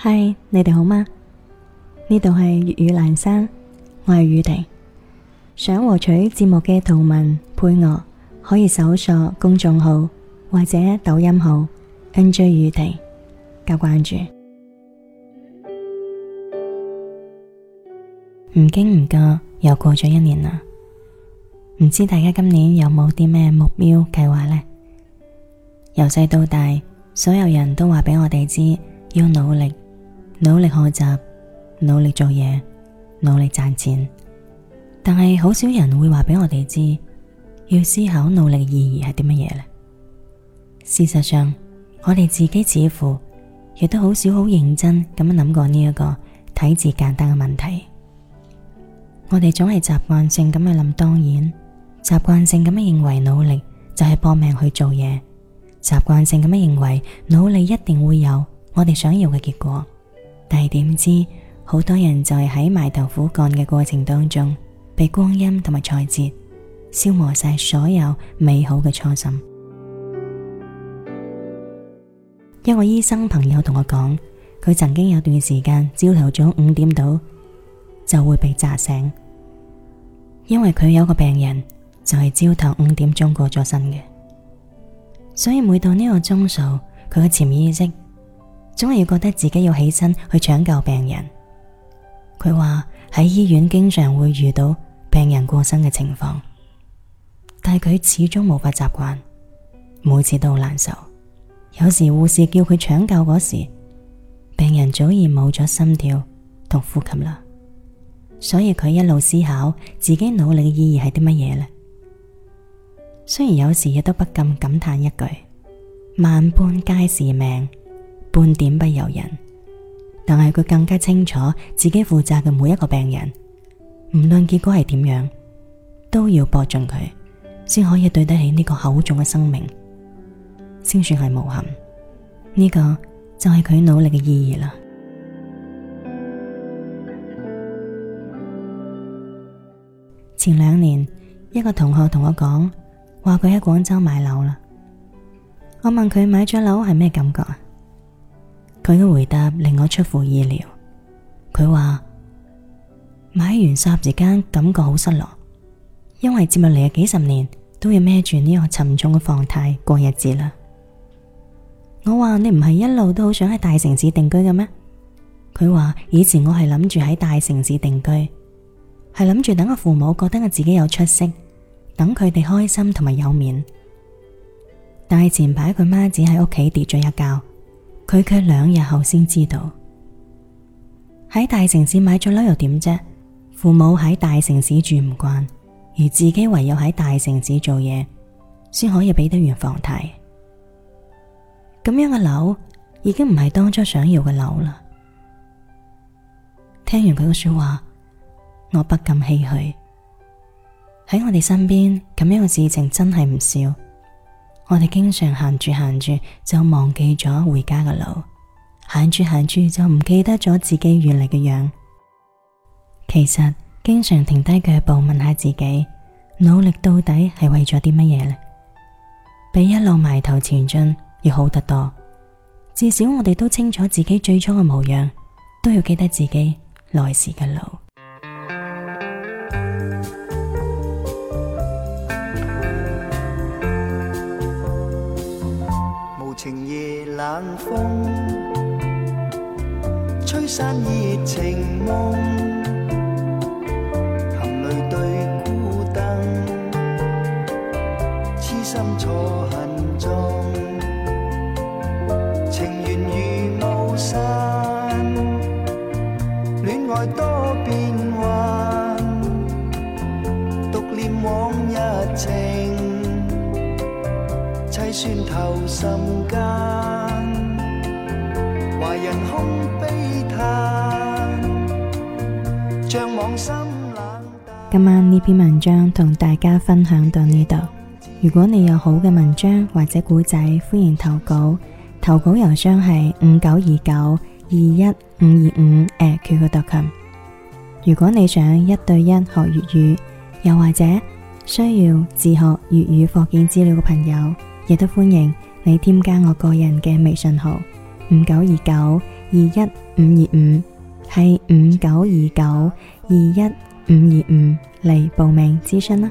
嗨，Hi, 你哋好嗎？呢度係粵語闌珊，我係宇婷。想獲取節目嘅圖文配樂，可以搜索公眾號或者抖音號 NJ 宇婷加關注。唔經唔覺又過咗一年啦，唔知大家今年有冇啲咩目標計劃呢？由細到大，所有人都話俾我哋知要努力。努力學習，努力做嘢，努力賺錢，但係好少人會話俾我哋知要思考努力嘅意義係啲乜嘢咧。事實上，我哋自己似乎亦都好少好認真咁樣諗過呢一個睇似簡單嘅問題。我哋總係習慣性咁樣諗，當然習慣性咁樣認為努力就係搏命去做嘢，習慣性咁樣認為努力一定會有我哋想要嘅結果。但係點知，好多人就係喺埋頭苦幹嘅過程當中，被光陰同埋挫折消磨晒所有美好嘅初心。 一個醫生朋友同我講，佢曾經有段時間，朝頭早五點到就會被炸醒，因為佢有個病人就係朝頭五點鐘過咗身嘅，所以每到呢個鐘數，佢嘅潛意識，總係要覺得自己要起身去搶救病人。佢話喺醫院經常會遇到病人過身嘅情況，但係佢始終無法習慣，每次都好難受。有時護士叫佢搶救嗰時，病人早已冇咗心跳同呼吸啦。所以佢一路思考自己努力嘅意義係啲乜嘢呢？雖然有時亦都不禁感嘆一句：萬般皆是命，半點不由人，但係佢更加清楚自己負責嘅每一個病人，無論結果係點樣，都要搏盡佢，先可以對得起呢個厚重嘅生命，先算係無憾。呢、這個就係佢努力嘅意義啦。前兩年，一個同學同我講話，佢喺廣州買樓啦，我問佢買咗樓係咩感覺啊？佢嘅回答令我出乎意料。佢話買完霎時間感覺好失落，因為接落嚟嘅幾十年都要孭住呢個沉重嘅房貸過日子啦。我話你唔係一路都好想喺大城市定居嘅咩？佢話以前我係諗住喺大城市定居，係諗住等我父母覺得我自己有出息，等佢哋開心同埋有面。但係前排佢媽只喺屋企跌咗一跤。佢卻兩日後先知道，喺大城市買咗樓又點啫？父母喺大城市住唔慣，而自己唯有喺大城市做嘢，先可以俾得完房貸。咁樣嘅樓已經唔係當初想要嘅樓啦。聽完佢嘅說話，我不禁唏噓。喺我哋身邊，咁樣嘅事情真係唔少。我哋經常行住行住就忘記咗回家嘅路，行住行住就唔記得咗自己原嚟嘅樣。其實經常停低腳步問下自己，努力到底係為咗啲乜嘢呢？比一路埋頭前進要好得多。至少我哋都清楚自己最初嘅模樣，都要記得自己來時嘅路。冷風吹散熱情夢。今晚呢篇文章同大家分享到呢度。如果你有好嘅文章或者故仔，歡迎投稿。投稿郵箱係五九二九二一五二五 @qq.com。如果你想一對一學粵語，又或者需要自學粵語課件資料嘅朋友。亦都歡迎你添加我個人嘅微信號五九二九二一五二五，係五九二九二一五二五嚟報名諮詢啦。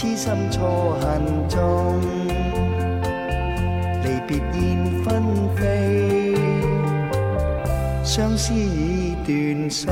痴心錯恨重，離別燕分飛，相思已斷送。